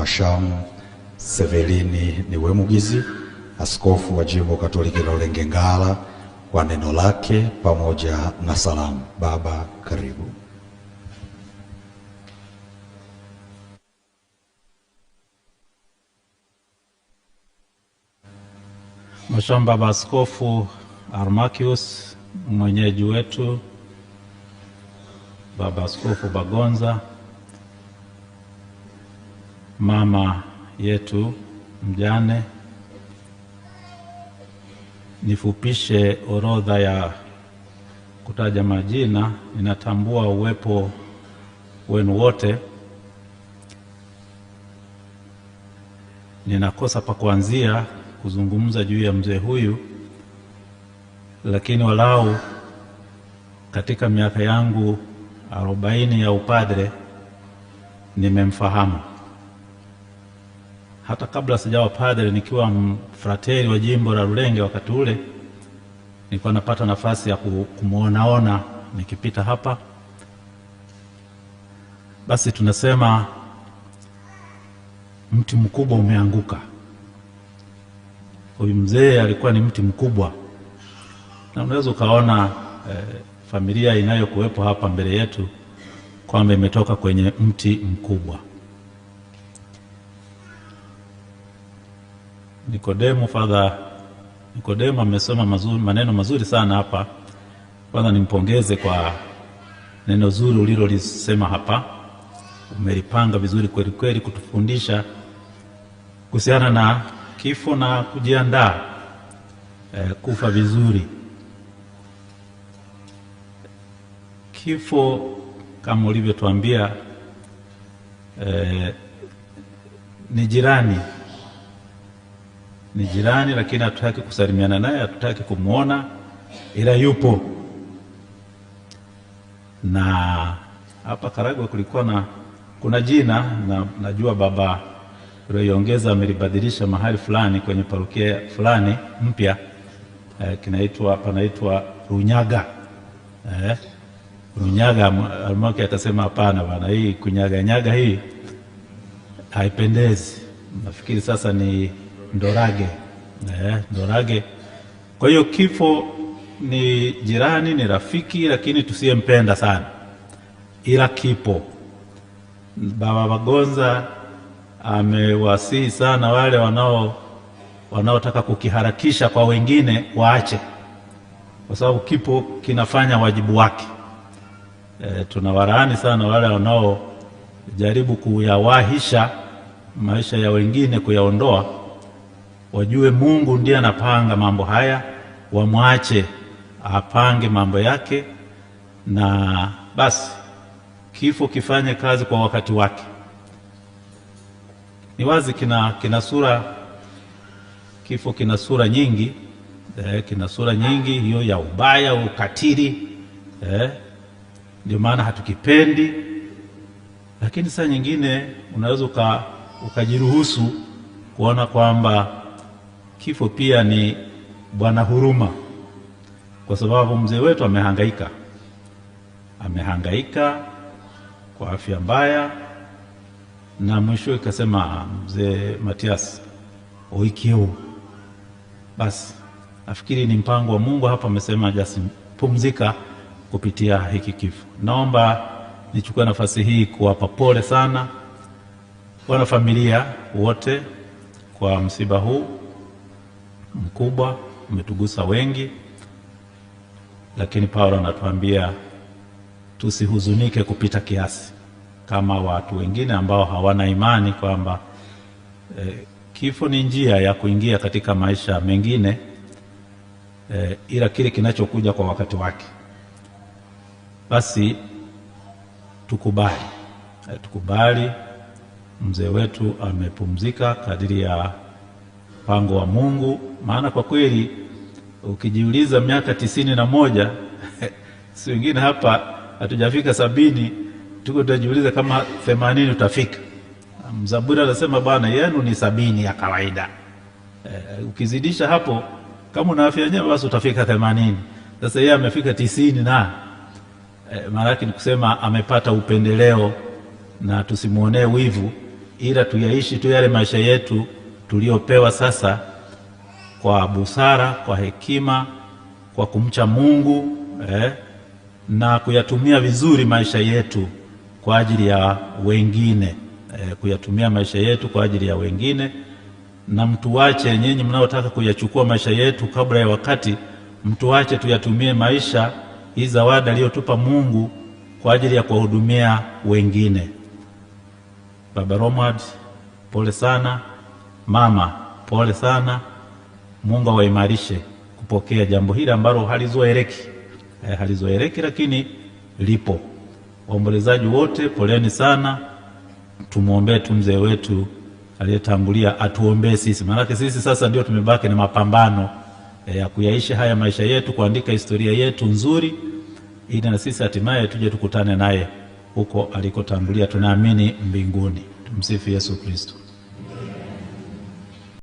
Mhashamu Sevelini Niwemugizi, askofu wa jimbo Katoliki la Lengengala, kwa neno lake pamoja na salamu. Baba, karibu. Mhashamu Baba Askofu Armakius, mwenyeji wetu Baba Askofu Bagonza mama yetu mjane. Nifupishe orodha ya kutaja majina. Ninatambua uwepo wenu wote, ninakosa pa kuanzia kuzungumza juu ya mzee huyu, lakini walau katika miaka yangu arobaini ya upadre nimemfahamu hata kabla sijawa padre, nikiwa mfrateri wa jimbo la Rulenge wakati ule, nilikuwa napata nafasi ya kumwonaona nikipita hapa. Basi tunasema mti mkubwa umeanguka. Huyu mzee alikuwa ni mti mkubwa, na unaweza ukaona eh, familia inayokuwepo hapa mbele yetu kwamba imetoka kwenye mti mkubwa. Nikodemo. Fadha Nikodemo amesoma mazuri, maneno mazuri sana hapa. Kwanza nimpongeze kwa neno zuri ulilolisema hapa, umelipanga vizuri kweli kweli, kutufundisha kuhusiana na kifo na kujiandaa eh, kufa vizuri. Kifo kama ulivyotuambia eh, ni jirani ni jirani, lakini hatutaki kusalimiana naye, hatutaki kumwona, ila yupo. Na hapa Karagwe kulikuwa na kuna jina na, najua baba Rweyongeza amelibadilisha mahali fulani kwenye parokia fulani mpya eh, kinaitwa panaitwa Runyaga eh, Runyaga. almoke akasema hapana bana, hii kunyaganyaga hii haipendezi. Nafikiri sasa ni Ndorage. Eh, Ndorage. Kwa hiyo kifo ni jirani, ni rafiki, lakini tusiyempenda sana, ila kipo. Baba wagonza amewasihi sana wale wanao wanaotaka kukiharakisha kwa wengine waache, kwa sababu kipo kinafanya wajibu wake. E, tunawalaani sana wale wanaojaribu kuyawahisha maisha ya wengine kuyaondoa wajue Mungu ndiye anapanga mambo haya, wamwache apange mambo yake, na basi kifo kifanye kazi kwa wakati wake. Ni wazi kina, kina sura kifo kina sura nyingi eh, kina sura nyingi hiyo ya ubaya, ukatili eh, ndio maana hatukipendi. Lakini saa nyingine unaweza ukajiruhusu kuona kwamba Kifo pia ni bwana huruma, kwa sababu mzee wetu amehangaika, amehangaika kwa afya mbaya, na mwisho ikasema mzee Matias oikiu, basi nafikiri ni mpango wa Mungu hapa. Amesema jasi pumzika kupitia hiki kifo. Naomba nichukue nafasi hii kuwapa pole sana wanafamilia wote kwa msiba huu mkubwa, umetugusa wengi, lakini Paulo anatuambia tusihuzunike kupita kiasi kama watu wengine ambao hawana imani kwamba e, kifo ni njia ya kuingia katika maisha mengine e, ila kile kinachokuja kwa wakati wake. Basi tukubali e, tukubali mzee wetu amepumzika kadiri ya mpango wa Mungu. Maana kwa kweli ukijiuliza miaka tisini na moja si wengine hapa hatujafika sabini, tuko tunajiuliza kama themanini utafika. Mzaburi anasema Bwana yenu ni sabini ya kawaida e, ukizidisha hapo kama una afya njema basi utafika themanini. Sasa yeye amefika tisini na e, eh, maanake ni kusema amepata upendeleo, na tusimwonee wivu, ila tuyaishi tu yale maisha yetu tuliopewa sasa, kwa busara, kwa hekima, kwa kumcha Mungu eh, na kuyatumia vizuri maisha yetu kwa ajili ya wengine eh, kuyatumia maisha yetu kwa ajili ya wengine, na mtuache nyinyi mnaotaka kuyachukua maisha yetu kabla ya wakati, mtuache tuyatumie maisha hii zawadi aliyotupa Mungu kwa ajili ya kuwahudumia wengine. Baba Romad, pole sana. Mama, pole sana, Mungu awaimarishe kupokea jambo hili ambalo halizoeleki eh, halizoeleki lakini lipo. Waombolezaji wote poleni sana, tumwombee tu mzee wetu aliyetangulia, atuombee sisi, maanake sisi sasa ndio tumebaki na mapambano eh, ya kuyaisha haya maisha yetu, kuandika historia yetu nzuri, ili na sisi hatimaye tuje tukutane naye huko alikotangulia, tunaamini mbinguni. Tumsifu Yesu Kristo.